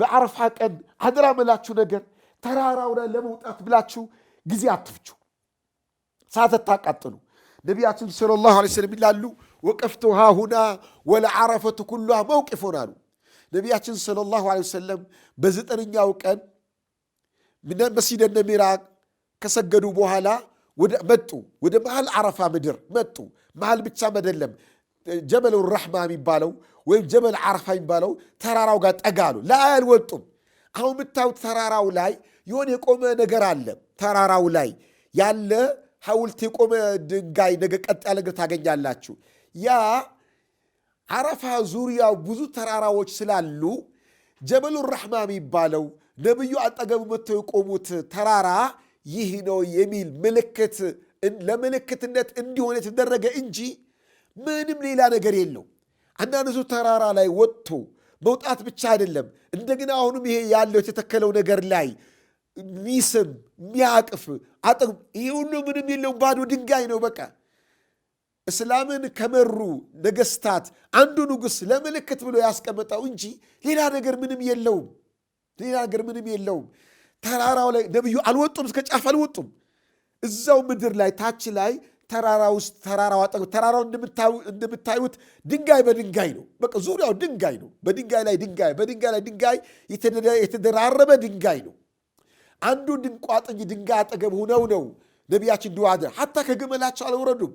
በአረፋ ቀን አደራ ነገር ተራራው ላይ ለመውጣት ብላችሁ ጊዜ አትፍጩ፣ ሰዓት ነቢያችን ሰለላሁ ዐለይሂ ወሰለም ይላሉ ወቀፍቱ ሃሁና ወለዓረፈቱ ኩሏ መውቂፉን አሉ። ነቢያችን ሰለላሁ ዐለይሂ ወሰለም በዘጠነኛው ቀን መሲደ ነሚራቅ ከሰገዱ በኋላ መጡ ወደ መሃል አረፋ ምድር መጡ። መሃል ብቻ አይደለም ጀበሉን ረሕማ የሚባለው ወይም ጀበል ዓረፋ የሚባለው ተራራው ጋር ጠጋ አሉ። ላይ አልወጡም። አሁን የምታዩት ተራራው ላይ የሆነ የቆመ ነገር አለ። ተራራው ላይ ያለ ሐውልት የቆመ ድንጋይ ነገር ቀጥ ያለ ነገር ታገኛላችሁ። ያ ዓረፋ ዙሪያው ብዙ ተራራዎች ስላሉ ጀበሉ ራሕማ የሚባለው ነቢዩ አጠገቡ መጥተው የቆሙት ተራራ ይህ ነው የሚል ምልክት ለምልክትነት እንዲሆን የተደረገ እንጂ ምንም ሌላ ነገር የለው። አንዳንዱ ተራራ ላይ ወጥቶ መውጣት ብቻ አይደለም፣ እንደገና አሁንም ይሄ ያለው የተተከለው ነገር ላይ ሚስም ሚያቅፍ አጥም ይሄ ሁሉ ምንም የለውም፣ ባዶ ድንጋይ ነው። በቃ እስላምን ከመሩ ነገስታት አንዱ ንጉሥ ለምልክት ብሎ ያስቀመጠው እንጂ ሌላ ነገር ምንም የለውም። ሌላ ነገር ምንም የለውም። ተራራው ላይ ነብዩ አልወጡም፣ እስከ ጫፍ አልወጡም። እዛው ምድር ላይ ታች ላይ ተራራ ውስጥ ተራራው አጠገብ ተራራው እንደምታዩት ድንጋይ በድንጋይ ነው። በቃ ዙሪያው ድንጋይ ነው። በድንጋይ ላይ ድንጋይ፣ በድንጋይ ላይ ድንጋይ የተደራረበ ድንጋይ ነው። አንዱ ድንቋጥኝ ድንጋይ አጠገብ ሁነው ነው ነቢያችን ድዋ ሀታ ከግመላቸው አልወረዱም።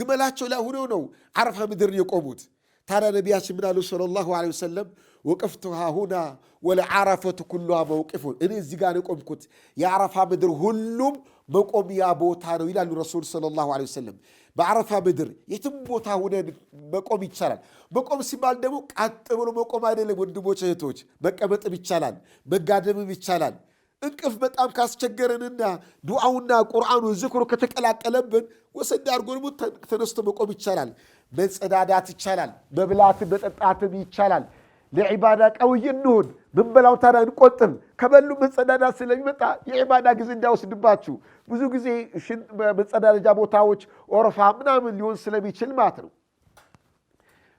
ግመላቸው ላይ ሁነው ነው አረፋ ምድር የቆሙት። ታዲያ ነቢያችን ምን አሉ? ሰለላሁ ዐለይሂ ወሰለም ወቅፍቱሃ ሁና ወለዓረፈቱ ኩሉሃ መውቂፉን። እኔ እዚህ ጋር የቆምኩት፣ የአረፋ ምድር ሁሉም መቆሚያ ቦታ ነው ይላሉ ረሱል ሰለላሁ ዐለይሂ ወሰለም። በዓረፋ ምድር የትም ቦታ ሁነን መቆም ይቻላል። መቆም ሲባል ደግሞ ቀጥ ብሎ መቆም አይደለም ወንድሞች እህቶች፣ መቀመጥም ይቻላል፣ መጋደምም ይቻላል። እንቅፍ በጣም ካስቸገረንና ዱዓውና ቁርአኑ ዝክሩ ከተቀላቀለብን ወሰድ አድርጎ ተነስቶ መቆም ይቻላል። መጸዳዳት ይቻላል። መብላት መጠጣትም ይቻላል። ለዒባዳ ቀውይ እንሁን። ብንበላው ታዲያ እንቆጥብ። ከበሉ መጸዳዳት ስለሚመጣ የዒባዳ ጊዜ እንዳይወስድባችሁ። ብዙ ጊዜ መጸዳደጃ ቦታዎች ኦረፋ ምናምን ሊሆን ስለሚችል ማለት ነው።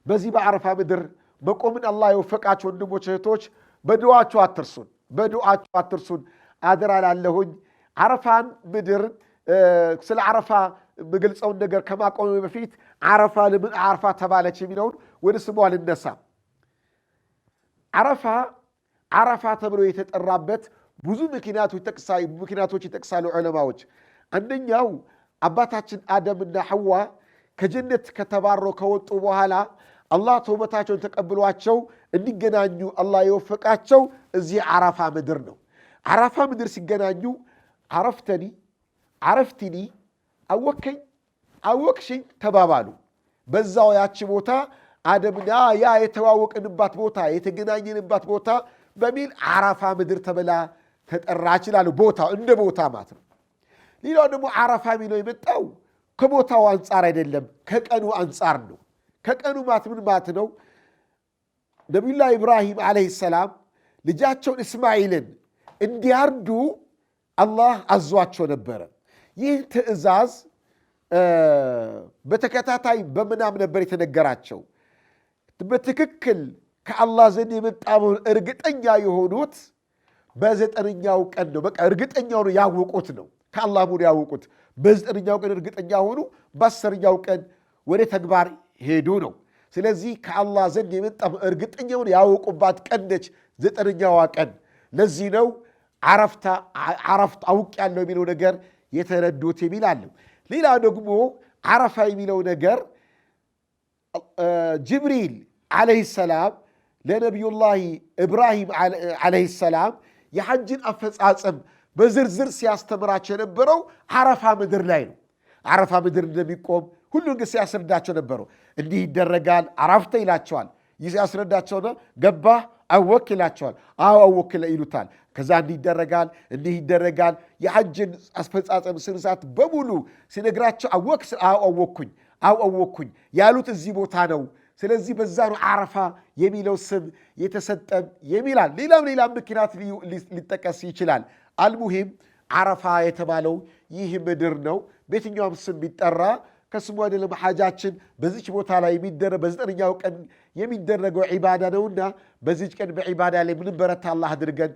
በዚህ በአረፋ ምድር መቆምን አላህ የወፈቃቸው ወንድሞች እህቶች፣ በድዋቸው አትርሱን። በዱዓችሁ አትርሱን አደራ ላለሁኝ። አረፋን ምድር ስለ አረፋ የምገልጸውን ነገር ከማቆሚ በፊት አረፋ ለምን አረፋ ተባለች የሚለውን ወደ ስሙ አልነሳ። አረፋ አረፋ ተብሎ የተጠራበት ብዙ ምክንያቶች ይጠቅሳሉ ዑለማዎች። አንደኛው አባታችን አደምና ሐዋ ከጀነት ከተባረው ከወጡ በኋላ አላህ ተውበታቸውን ተቀብሏቸው እንዲገናኙ አላህ የወፈቃቸው እዚህ አረፋ ምድር ነው። አረፋ ምድር ሲገናኙ አረፍተኒ፣ አረፍትኒ፣ አወከኝ፣ አወቅሽኝ ተባባሉ። በዛው ያቺ ቦታ አደምና ያ የተዋወቅንባት ቦታ የተገናኘንባት ቦታ በሚል አረፋ ምድር ተብላ ተጠራች ይላሉ። ቦታ እንደ ቦታ ማለት ነው። ሌላው ደግሞ አረፋ የሚለው የመጣው ከቦታው አንጻር አይደለም፣ ከቀኑ አንጻር ነው። ከቀኑ ማት ምን ማት ነው? ነቢዩላህ ኢብራሂም ዓለይሂ ሰላም ልጃቸውን እስማኤልን እንዲያርዱ አላህ አዟቸው ነበረ። ይህ ትዕዛዝ በተከታታይ በምናም ነበር የተነገራቸው። በትክክል ከአላህ ዘንድ የመጣ መሆን እርግጠኛ የሆኑት በዘጠነኛው ቀን ነው። በቃ እርግጠኛ ሆኑ ያወቁት ነው ከአላህ መሆኑ ያወቁት። በዘጠነኛው ቀን እርግጠኛ ሆኑ። በአስረኛው ቀን ወደ ተግባር ሄዱ ነው። ስለዚህ ከአላህ ዘንድ የመጣ እርግጠኛውን ያወቁባት ቀን ነች ዘጠነኛዋ ቀን። ለዚህ ነው አረፍት አውቅ ያለው የሚለው ነገር የተረዱት የሚል አለው። ሌላ ደግሞ አረፋ የሚለው ነገር ጅብሪል ዓለይሂ ሰላም ለነቢዩላህ ኢብራሂም ዓለይሂ ሰላም የሐጅን አፈጻጸም በዝርዝር ሲያስተምራቸው የነበረው አረፋ ምድር ላይ ነው። አረፋ ምድር እንደሚቆም ሁሉን ግን ሲያስረዳቸው ነበሩ። እንዲህ ይደረጋል አራፍተ ይላቸዋል። ይህ ያስረዳቸው ነው። ገባህ አወክ ይላቸዋል። አዎ አወክ ይሉታል። ከዛ እንዲህ ይደረጋል እንዲህ ይደረጋል። የሐጅን አስፈጻጸም ስንሳት በሙሉ ሲነግራቸው አወክ፣ አዎ አወኩኝ፣ አዎ አወኩኝ ያሉት እዚህ ቦታ ነው። ስለዚህ በዛ ነው አረፋ የሚለው ስም የተሰጠም የሚላል። ሌላም ሌላም ምክንያት ሊጠቀስ ይችላል። አልሙሂም አረፋ የተባለው ይህ ምድር ነው። በየትኛውም ስም ቢጠራ ከስሙ አይደለም ሓጃችን በዚች ቦታ ላይ በዘጠነኛው ቀን የሚደረገው ዒባዳ ነውና በዚች ቀን በዒባዳ ላይ ምንበረታ አላህ አድርገን